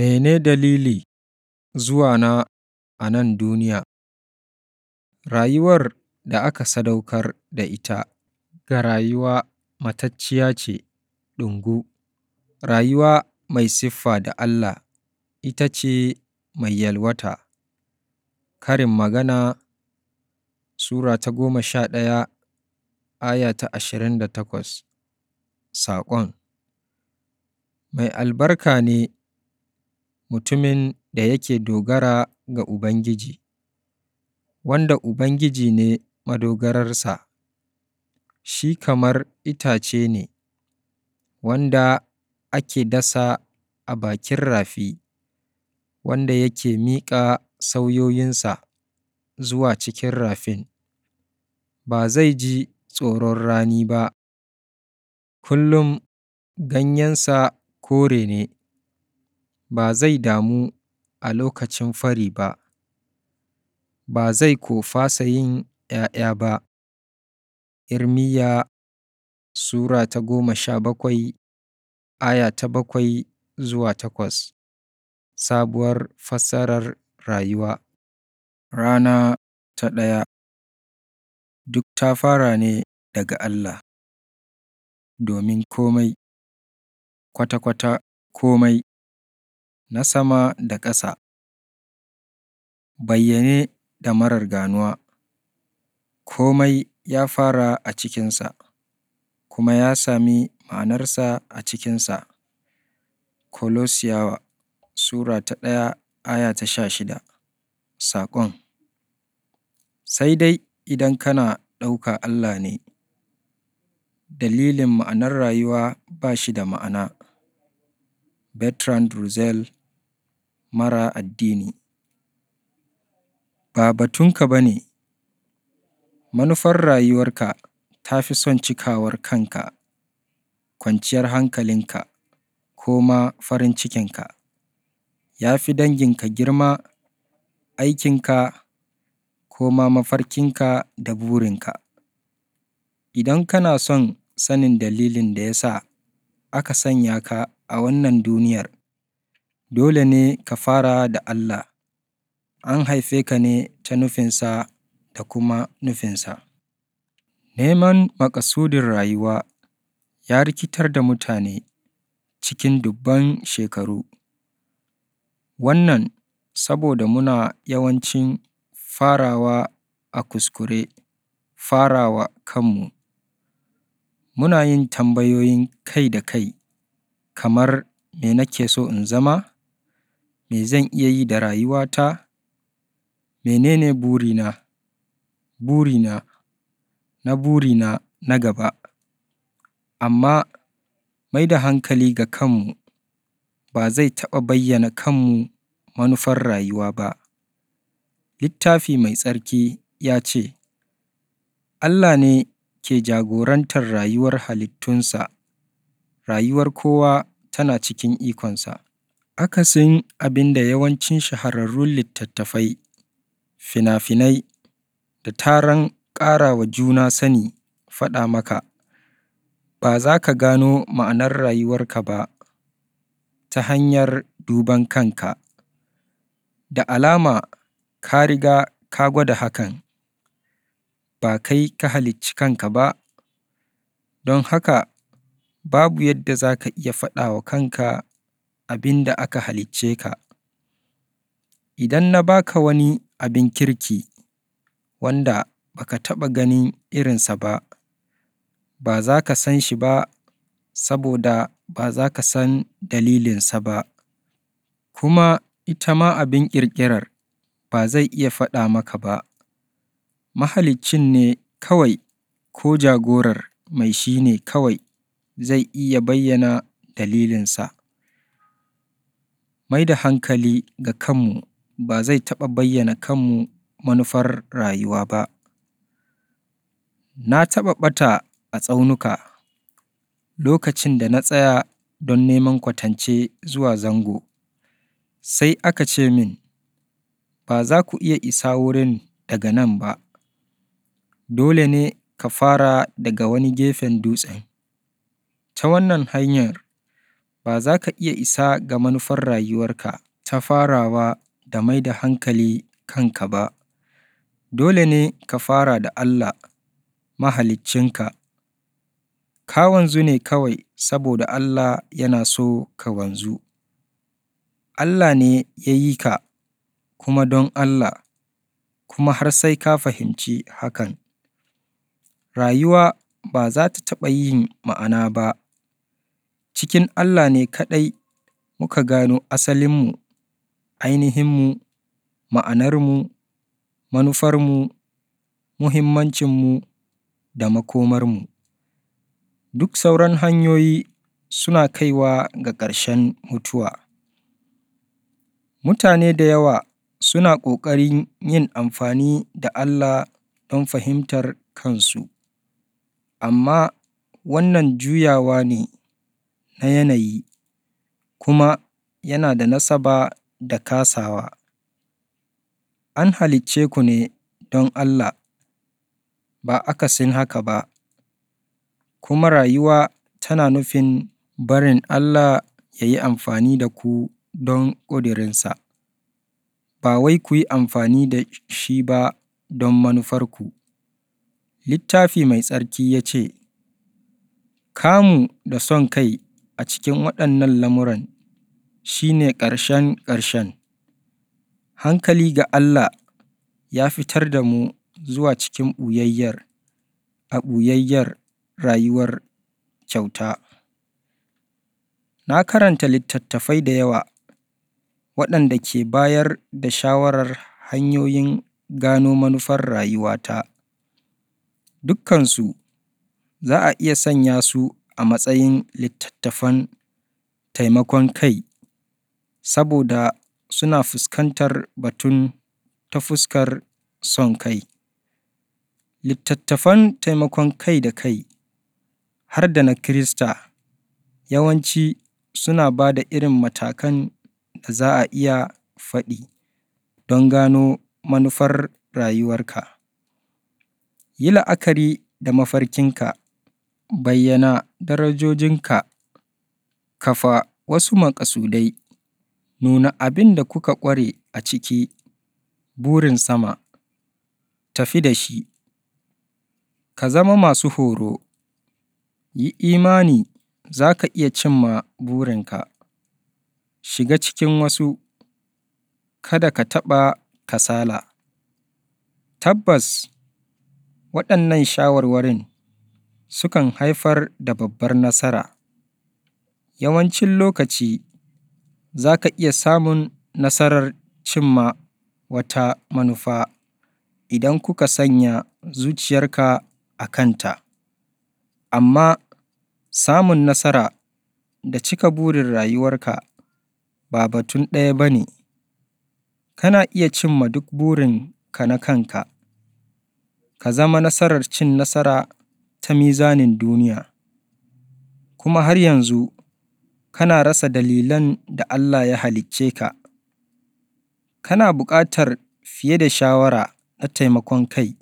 Mene dalili zuwa na a nan duniya? Rayuwar da aka sadaukar da ita ga rayuwa matacciya ce ɗungu, rayuwa mai siffa da Allah ita ce mai yalwata. Karin magana Sura ta goma sha ɗaya aya ta ashirin da takwas. Saƙon mai albarka ne mutumin da yake dogara ga Ubangiji, wanda Ubangiji ne madogararsa, shi kamar itace ne wanda ake dasa a bakin rafi, wanda yake miƙa sauyoyinsa zuwa cikin rafin; ba zai ji tsoron rani ba, kullum ganyensa kore ne. ba zai damu a lokacin fari ba, ba zai ko fasa yin ‘ya'ya ba. Irmiya Sura ta goma sha bakwai aya ta bakwai zuwa takwas Sabuwar fassarar rayuwa Rana ta ɗaya Duk ta fara ne daga Allah, domin komai, kwata-kwata komai na sama da ƙasa, bayyane da marar ganuwa, komai ya fara a cikinsa, kuma ya sami ma'anarsa a cikinsa. Kolosiyawa Sura ta ɗaya aya ta sha shida. Saƙon sai dai idan kana ɗauka Allah ne, dalilin ma'anar rayuwa ba shi da ma'ana. Bertrand Russell mara addini. Ba batunka ba ne, manufar rayuwarka ta fi son cikawar kanka, kwanciyar hankalinka, ko ma farin cikinka. Ya fi danginka girma, aikinka, ko ma mafarkinka da burinka. Idan kana son sanin dalilin da ya sa aka sanya ka a wannan duniyar, dole ne ka fara da Allah, an haife ka ne ta nufinsa da kuma nufinsa. Neman maƙasudin rayuwa ya rikitar da mutane cikin dubban shekaru, wannan saboda muna yawancin farawa a kuskure, farawa kanmu. Muna yin tambayoyin kai da kai kamar me nake so in zama? Me zan iya yi da rayuwata? Menene burina? Burina na burina na gaba. Amma mai da hankali ga kanmu ba zai taɓa bayyana kanmu manufar rayuwa ba. Littafi Mai Tsarki ya ce, Allah ne ke jagorantar rayuwar halittunsa; rayuwar kowa tana cikin ikonsa. Akasin abin da yawancin shahararrun littattafai, fina-finai, da taron ƙarawa juna sani faɗa maka, ba za ka gano ma'anar rayuwarka ba ta hanyar duban kanka, da alama ka riga ka gwada hakan, ba kai ka halicci kanka ba, don haka babu yadda za ka iya faɗawa kanka abin da aka halicce ka. Idan na baka wani abin kirki wanda baka taɓa ganin irinsa ba, ba za ka san shi ba saboda ba za ka san dalilinsa ba, kuma ita ma abin ƙirƙirar ba zai iya faɗa maka ba, mahaliccin ne kawai ko jagorar mai shi ne kawai zai iya bayyana dalilinsa. Mai da hankali ga kanmu ba zai taɓa bayyana kanmu manufar rayuwa ba. Na taɓa ɓata a tsaunuka, lokacin da na tsaya don neman kwatance zuwa zango, sai aka ce min, "Ba za ku iya isa wurin daga nan ba, dole ne ka fara daga wani gefen dutsen." Ta wannan hanyar ba za ka iya isa ga manufar rayuwarka ta farawa da mai da hankali kanka ba. Dole ne ka fara da Allah Mahaliccinka, ka wanzu ne kawai saboda Allah yana so ka wanzu. Allah ne ya yi ka, kuma don Allah, kuma har sai ka fahimci hakan, rayuwa ba za ta taɓa yin ma'ana ba Cikin Allah ne kaɗai muka gano asalinmu, ainihinmu, ma'anarmu, manufarmu, muhimmancinmu, da makomarmu. Duk sauran hanyoyi suna kaiwa ga ƙarshen mutuwa. Mutane da yawa suna ƙoƙarin yin amfani da Allah don fahimtar kansu, amma wannan juyawa ne na yanayi kuma yana da nasaba da kasawa. An halicce ku ne don Allah, ba akasin haka ba, kuma rayuwa tana nufin barin Allah ya yi amfani da ku don ƙudirinsa, ba wai ku yi amfani da shi ba don manufarku. Littafi Mai Tsarki ya ce, Kamu da son kai a cikin waɗannan lamuran shi ne ƙarshen ƙarshen. Hankali ga Allah ya fitar da mu zuwa cikin ɓuyayyar a ɓuyayyar rayuwar kyauta. Na karanta littattafai da yawa waɗanda ke bayar da shawarar hanyoyin gano manufar rayuwata. Dukkansu za a iya sanya su a matsayin littattafan taimakon kai saboda suna fuskantar batun ta fuskar son kai. Littattafan taimakon kai da kai, har da na Kirista, yawanci suna ba da irin matakan da za a iya faɗi don gano manufar rayuwarka. Yi la'akari da mafarkinka Bayyana darajojinka, kafa wasu maƙasudai, nuna abin da kuka ƙware a ciki (burin sama), tafi da shi. Ka zama masu horo, yi imani za ka iya cimma burinka, shiga cikin wasu, kada ka taɓa kasala. Tabbas, waɗannan shawarwarin sukan haifar da babbar nasara. Yawancin lokaci za ka iya samun nasarar cimma wata manufa idan kuka sanya zuciyarka a kanta, amma samun nasara da cika burin rayuwarka ba batun ɗaya ba ne. Kana iya cimma duk burin ka na kanka, ka zama nasarar cin nasara ta mizanin duniya, kuma har yanzu kana rasa dalilan da Allah ya halicce ka, kana buƙatar fiye da shawara na taimakon kai,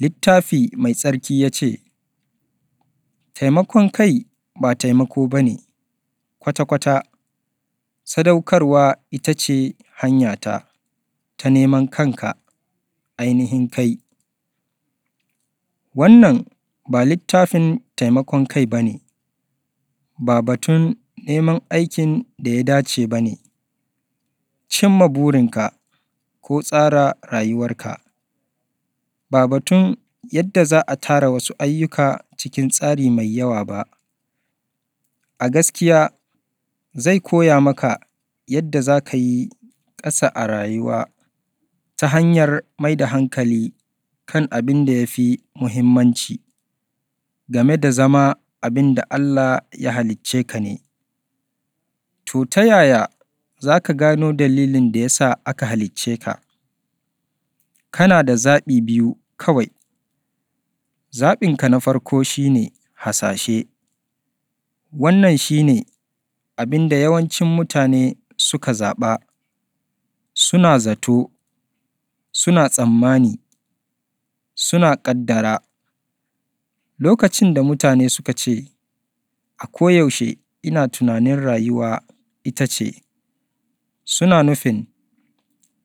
Littafi Mai Tsarki ya ce, Taimakon kai ba taimako ba ne kwata-kwata, sadaukarwa ita ce hanyata ta neman kanka ainihin kai. Wannan ba littafin taimakon kai ba ne, ba batun neman aikin da ya dace ba ne, cimma burinka ko tsara rayuwarka, ba batun yadda za a tara wasu ayyuka cikin tsari mai yawa ba, a gaskiya zai koya maka yadda za ka yi ƙasa a rayuwa ta hanyar mai da hankali kan abin da ya fi muhimmanci game da zama abin da Allah ya halicce ka ne, to ta yaya za ka gano dalilin da ya sa aka halicce ka? Kana da zaɓi biyu kawai, zaɓinka na farko shi ne hasashe, wannan shi ne abin da yawancin mutane suka zaɓa, suna zato, suna tsammani suna ƙaddara lokacin da mutane suka ce, “A koyaushe ina tunanin rayuwa ita ce,” suna nufin,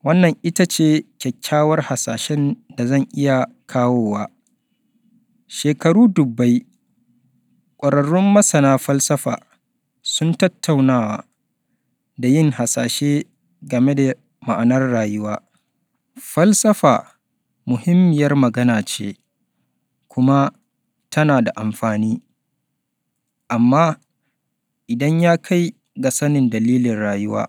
“Wannan ita ce kyakkyawar hasashen da zan iya kawowa.” Shekaru dubbai, ƙwararrun masana falsafa sun tattaunawa da yin hasashe game da ma'anar rayuwa. Falsafa muhimmiyar magana ce kuma tana da amfani, amma idan ya kai ga sanin dalilin rayuwa,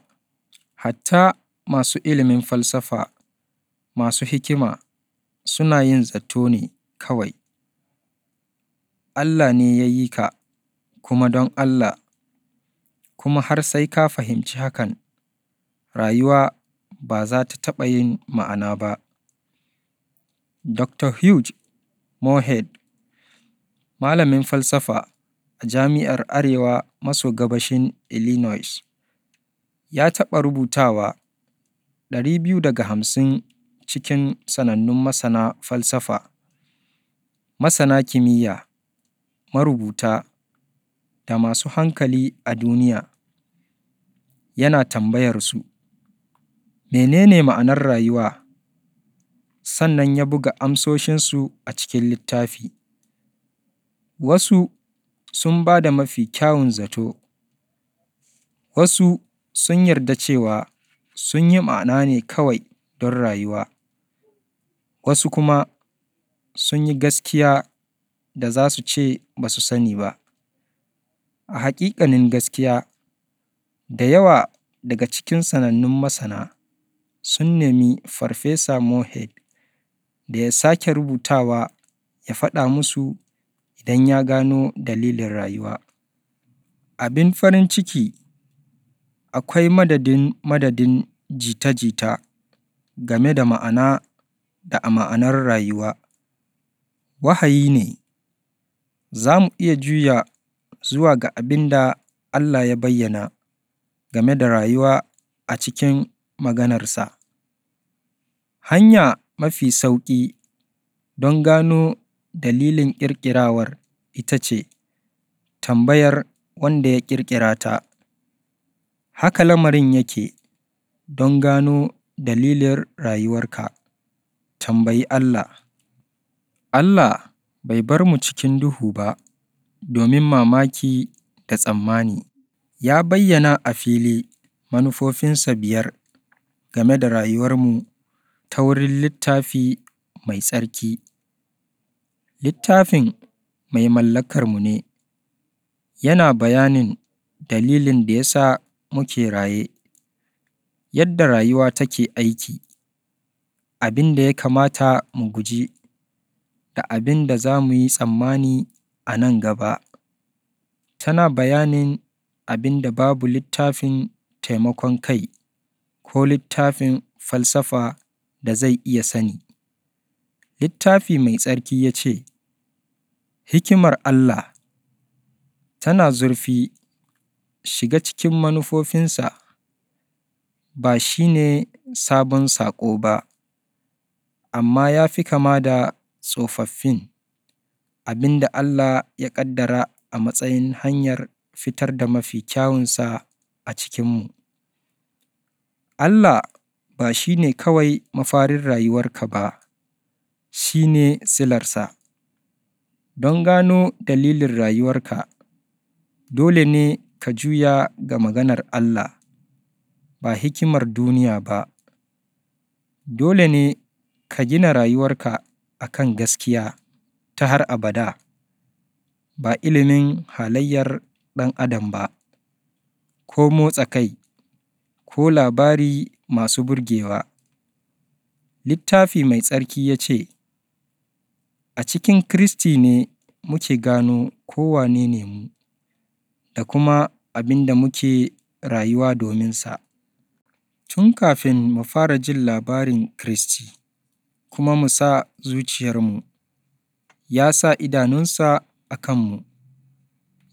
hatta masu ilimin falsafa masu hikima suna yin zato ne kawai. Allah ne ya yi ka kuma don Allah, kuma har sai ka fahimci hakan, rayuwa ba za ta taɓa yin ma'ana ba. Dr. Hugh mohed malamin falsafa a Jami'ar Arewa maso Gabashin Illinois, ya taɓa rubutawa ɗari biyu daga hamsin cikin sanannun masana falsafa, masana kimiyya, marubuta, da masu hankali a duniya, yana tambayar su, "Menene ma'anar rayuwa? sannan ya buga amsoshinsu a cikin littafi. Wasu sun ba da mafi kyawun zato, wasu sun yarda cewa sun yi ma'ana ne kawai don rayuwa, wasu kuma sun yi gaskiya da za su ce ba su sani ba. A haƙiƙanin gaskiya, da yawa daga cikin sanannun masana sun nemi Farfesa Mohammed da ya sake rubutawa ya faɗa musu idan ya gano dalilin rayuwa. Abin farin ciki, akwai madadin-madadin jita-jita game da ma'ana da a ma'anar rayuwa. Wahayi ne, za mu iya juya zuwa ga abin da Allah ya bayyana game da rayuwa a cikin maganarsa. Hanya mafi sauƙi don gano dalilin ƙirƙirawar ita ce tambayar wanda ya ƙirƙira ta. Haka lamarin yake don gano dalilin rayuwarka, tambayi Allah. Allah bai bar mu cikin duhu ba domin mamaki da tsammani, ya bayyana a fili manufofinsa biyar game da rayuwarmu ta wurin littafi mai tsarki. Littafin mai mallakarmu ne, yana bayanin dalilin da ya sa muke raye, yadda rayuwa take aiki, abin da ya kamata mu guji, da abin da za mu yi tsammani a nan gaba. Tana bayanin abin da babu littafin taimakon kai ko littafin falsafa da zai iya sani. Littafi Mai Tsarki ya ce, Hikimar Allah tana zurfi shiga cikin manufofinsa ba shi ne sabon saƙo ba, amma ya fi kama da tsofaffin, abin da Allah ya ƙaddara a matsayin hanyar fitar da mafi kyawunsa a cikinmu. Allah ba shi ne kawai mafarin rayuwarka ba, shi ne silarsa. Don gano dalilin rayuwarka, dole ne ka juya ga maganar Allah, ba hikimar duniya ba. Dole ne ka gina rayuwarka a kan gaskiya ta har abada, ba ilimin halayyar ɗan adam ba, ko motsa kai, ko labari masu burgewa. Littafi Mai Tsarki ya ce, A cikin Kiristi ne muke gano ko wane ne mu, da kuma abin da muke rayuwa dominsa, tun kafin mu fara jin labarin Kiristi kuma mu sa zuciyarmu, ya sa idanunsa a kanmu,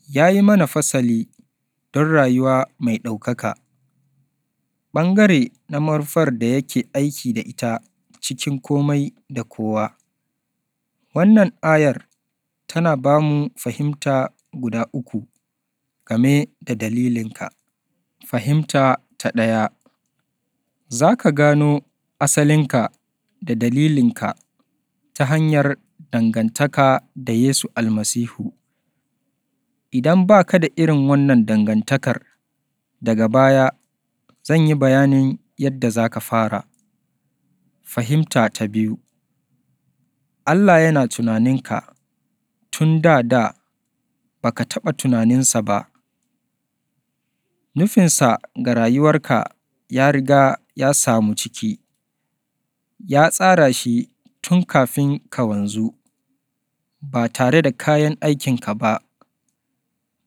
ya yi mana fasali don rayuwa mai ɗaukaka. ɓangare na manufar da yake aiki da ita cikin komai da kowa. Wannan ayar tana ba mu fahimta guda uku game da dalilinka. Fahimta ta ɗaya, za ka gano asalinka da dalilinka ta hanyar dangantaka da Yesu Almasihu. Idan ba ka da irin wannan dangantakar, daga baya Zan yi bayanin yadda za ka fara. Fahimta ta biyu Allah yana tunaninka tun da-da, ba ka taɓa tunaninsa ba. Nufinsa ga rayuwarka ya riga ya samu ciki, ya tsara shi tun kafin ka wanzu, ba tare da kayan aikinka ba.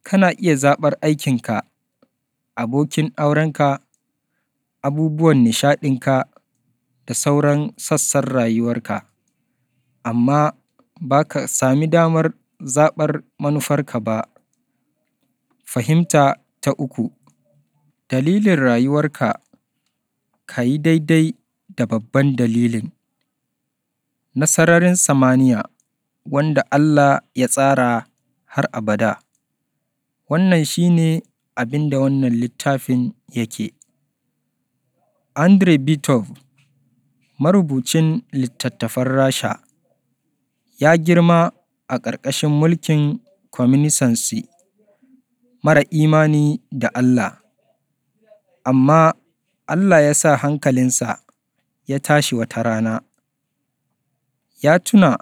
Kana iya zaɓar aikinka, abokin aurenka, abubuwan nishaɗinka da sauran sassan rayuwarka, amma ba ka sami damar zaɓar manufarka ba. Fahimta ta uku, dalilin rayuwarka ka yi daidai da babban dalilin, Nasararin samaniya wanda Allah ya tsara har abada. Wannan shi ne abin da wannan littafin yake. Andrei Bitov, marubucin littattafan Rasha, ya girma a ƙarƙashin mulkin kwaminisansi, mara imani da Allah, amma Allah ya sa hankalinsa ya tashi wata rana, ya tuna,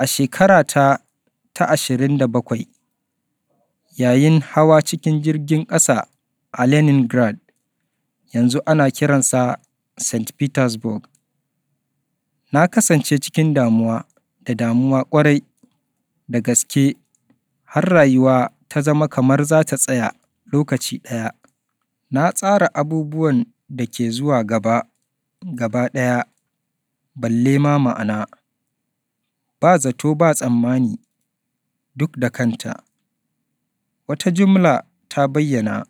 a shekara ta ashirin da bakwai yayin hawa cikin jirgin ƙasa a Leningrad. yanzu ana kiransa St. Petersburg. Na kasance cikin damuwa da damuwa ƙwarai da gaske har rayuwa ta zama kamar za ta tsaya lokaci ɗaya. Na tsara abubuwan da ke zuwa gaba gaba ɗaya balle ma ma'ana, ba zato ba tsammani, duk da kanta. Wata jumla ta bayyana,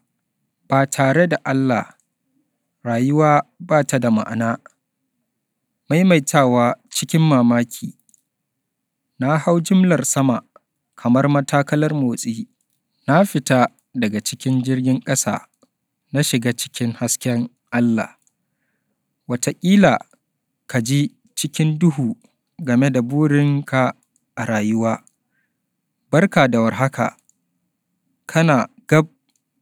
ba tare da Allah Rayuwa ba ta da ma'ana maimaitawa cikin mamaki, na hau jimlar sama kamar matakalar motsi, na fita daga cikin jirgin ƙasa na shiga cikin hasken Allah, wataƙila ka ji cikin duhu game da burinka a rayuwa. Barka da warhaka, kana gab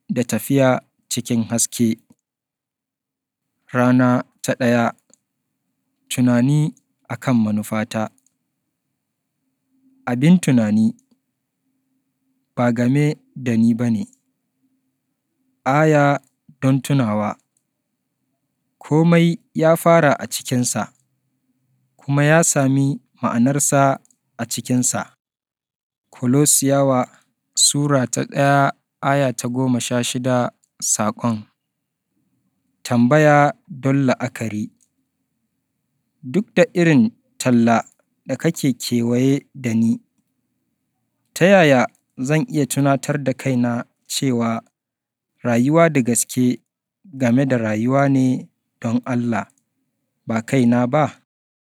da tafiya cikin haske. Rana ta ɗaya tunani a kan manufata, abin tunani ba game da ni ba ne, aya don tunawa, komai ya fara a cikinsa kuma ya sami ma'anarsa a cikinsa Kolosiyawa Sura ta ɗaya aya ta goma sha shida saƙon. tambaya don la'akari, duk da irin talla da kake kewaye da ni, ta yaya zan iya tunatar da kaina cewa rayuwa da gaske game da rayuwa ne don Allah, ba kaina ba?